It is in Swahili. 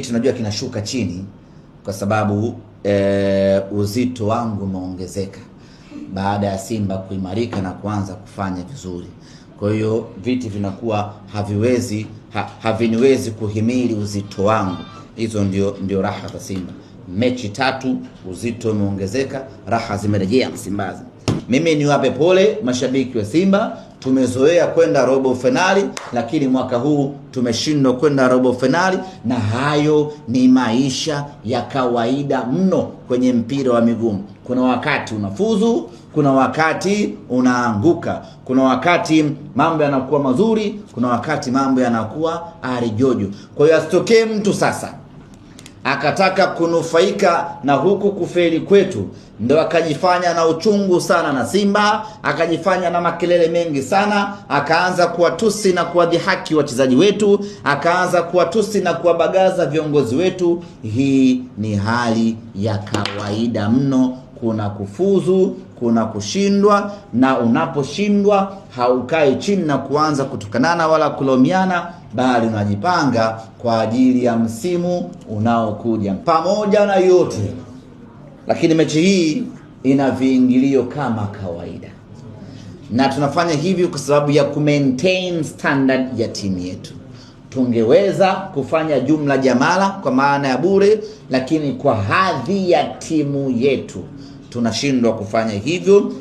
kitu najua kinashuka chini kwa sababu e, uzito wangu umeongezeka baada ya Simba kuimarika na kuanza kufanya vizuri. Kwa hiyo viti vinakuwa haviwezi ha, haviniwezi kuhimili uzito wangu. Hizo ndio, ndio raha za Simba. Mechi tatu uzito umeongezeka, raha zimerejea Msimbazi. Mimi niwape pole mashabiki wa Simba tumezoea kwenda robo fainali, lakini mwaka huu tumeshindwa kwenda robo fainali, na hayo ni maisha ya kawaida mno kwenye mpira wa miguu. Kuna wakati unafuzu, kuna wakati unaanguka, kuna wakati mambo yanakuwa mazuri, kuna wakati mambo yanakuwa arijojo. Kwa hiyo asitokee mtu sasa akataka kunufaika na huku kufeli kwetu, ndo akajifanya na uchungu sana na Simba, akajifanya na makelele mengi sana, akaanza kuwatusi na kuwadhihaki wachezaji wetu, akaanza kuwatusi na kuwabagaza viongozi wetu. Hii ni hali ya kawaida mno kuna kufuzu, kuna kushindwa, na unaposhindwa haukai chini na kuanza kutukanana wala kulomiana, bali unajipanga kwa ajili ya msimu unaokuja. Pamoja na yote lakini, mechi hii ina viingilio kama kawaida, na tunafanya hivi kwa sababu ya kumaintain standard ya timu yetu tungeweza kufanya jumla jamala kwa maana ya bure, lakini kwa hadhi ya timu yetu tunashindwa kufanya hivyo.